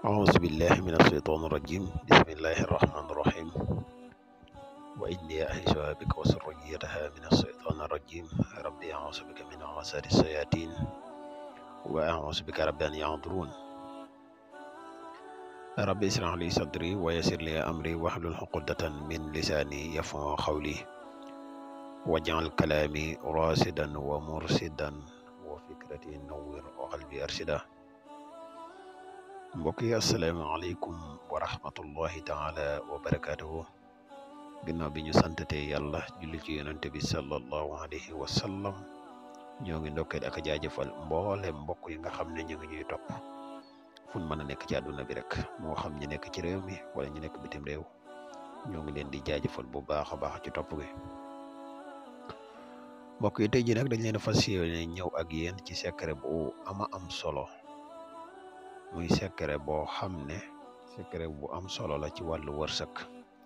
أعوذ بالله من الشيطان الرجيم بسم الله الرحمن الرحيم وإني أعيشها بك وسريتها من الشيطان الرجيم ربي أعوذ بك من عسر الشياطين وأعوذ بك ربي أن يعذرون ربي اشرح لي صدري ويسر لي أمري واحلل عقدة من لساني يفهم قولي واجعل كلامي راسدا ومرسدا وفكرتي نور وقلبي أرشدا mbokk yi asalaamaaleykum wa rahmatullahi taala wa barakaatuhu ginnaaw bi ñu santatee yàlla julli ci yonante bi sallallahu alayhi wa sallam ñoo ngi ndokkeel ak jaajëfal mboolem mbokk yi nga xam ne ñu ngi ñuy topp fun mën a nekk ci àdduna bi rek moo xam ñu nekk ci réew mi wala ñu nekk bitim réew ñoo ngi leen di jaajëfal bu baax a baax ci topp gi mbokk yi tey ji nag dañ leen fas yéene ñëw ak yéen ci secret bu ama am solo muy secret bo xamne ne secret bu am solo la ci walu wërsëg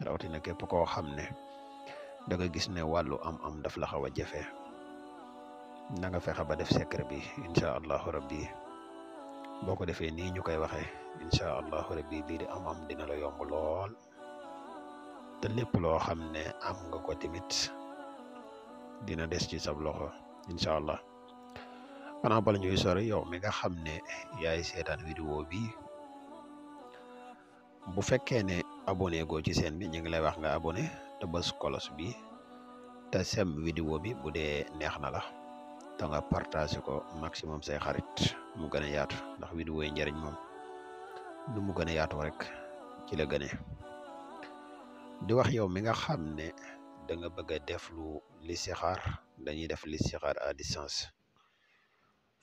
rawti na kep ko xamne da nga gis ne walu am-am daf la xawa jafé na nga fexé ba def secret bi insha allah rabbi boko defé ni ñukay waxé insha allah rabbi bi di am-am dina la yomb lool te lepp lo xamne am nga ko timit dina dess ci sab loxo insha allah xanaa bala ñuy sore yow ya mi nga xam ne yaay seetaan vidéo bi bu fekkee ne abonné goo ci seen bi ñu ngi lay nga abonné te bës kolos bi te sem vidéo bi bu dee neex na la te nga partage ko maximum say xarit mu gën a yaatu ndax vidéo yi njëriñ moom nu mu gën a yaatu rek ci la gëne di wax yow mi nga xam ne da nga bëgg a def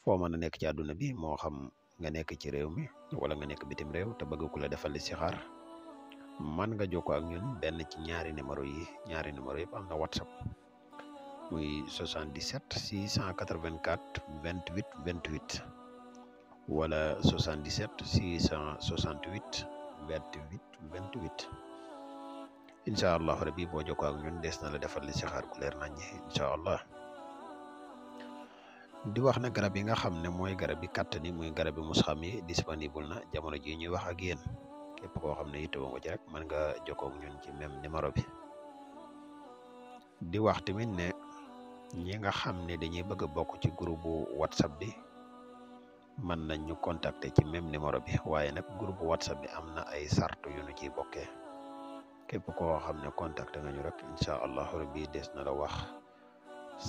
fo mën nek ci aduna bi mo xam nga nek ci réew mi wala nga nek bitim réew te bëgg ku la defal listixaar man nga joko ak ñun ben ci ñaari numéro yi ñaari numéro yi am na whatsapp muy 77 684 28 28 wala 77 668 28 28 incha allah rabbi bo joko ak ñun des na la defal listixaar ku leer nañ incha allah di wax na garab yi nga xamne moy garab yi katani moy garab yi musxam yi disponible na jamono ji ñuy wax ak yeen kep ko xamne ne yittewoo ci rek man nga ñun ci même numéro bi di wax tamit ne ñi nga xamne dañuy bëgg ci groupe whatsapp bi man nañ ñu contacté ci même numéro bi waye nak groupe whatsapp bi amna ay sartu yu ñu ci bokké kep ko xamne contacté rek inshallah rabbi des na la wax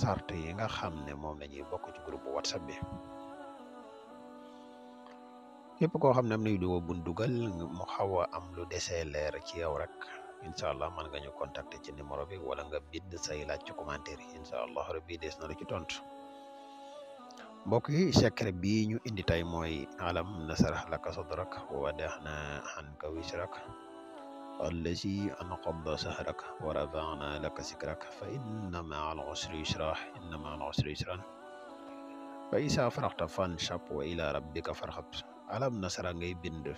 sarte yi nga xam ne moom la ñuy bokk ci groupe whatsapp bi képp koo xam ne am na vidéo bu ñu dugal mu xaw a am lu desee leer ci yow rek incha allah mën nga ñu contacter ci numéro bi wala nga bind say laaj ci commentaire yi allah rabbi des na la ci tontu mbokk yi secret bi ñu indi tey mooy alam nasarah laka sadrak wa wada'na anka wisrak الذي أنقض سهرك ورفعنا لك ذكرك فإن مع العسر يسرا إن مع العسر يسرا فإذا فرحت فانشب وإلى ربك فرحب ألم نسرا غي بند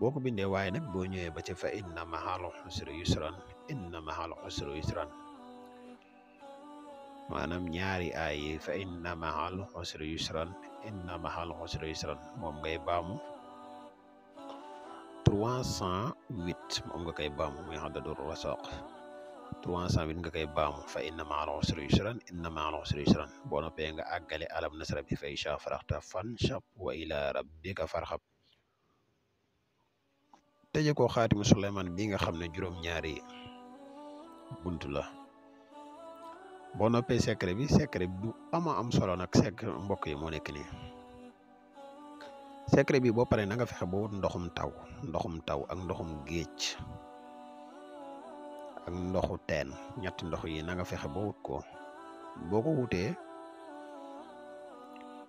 بوك بند واين بو نيو با تي فإن مع العسر يسرا إن مع العسر يسرا manam ñaari ay fa inna ma'al usri yusran inna ma'al usri yusran mom ngay 308 moom nga koy baamu muy adadu rasaq 308 nga koy baamu fa inna ma'al usri yusran inna ma'al usri yusran boo noppee nga àggale alam nasra bi fa isha fan fanshab wa ila rabbika farhab tëje ko xaatimu Suleymaan bi nga xam ne juróom ñaari bunt la boo noppee secret bi secret bi ama am solo nag secret mbokk yi moo nekk nii secret bi bo paré na nga fexé bo wut ndoxum taw ndoxum taw ak ndoxum geej ak ndoxu ten ñatt ndox yi nga fexé bo wut ko boko wuté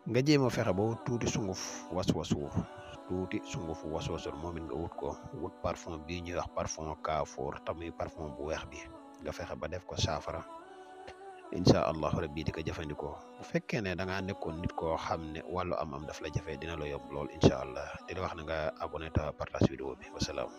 nga jéma fexé bo tuti sunguf was sunguf waswasuur tuuti sunguf was momin nga wut ko wut parfum bi ñuy wax parfum kaafoor tamuy parfum bu wex bi nga fexé ba def ko safara incha allahu rabbi di ko jëfandikoo bu fekkee ne da ngaa nekkoon koo xam ne wàllu am-am daf la jafe dina la yomb lool incha allah di la wax na nga abonné ta partage vidéo bi wasalaam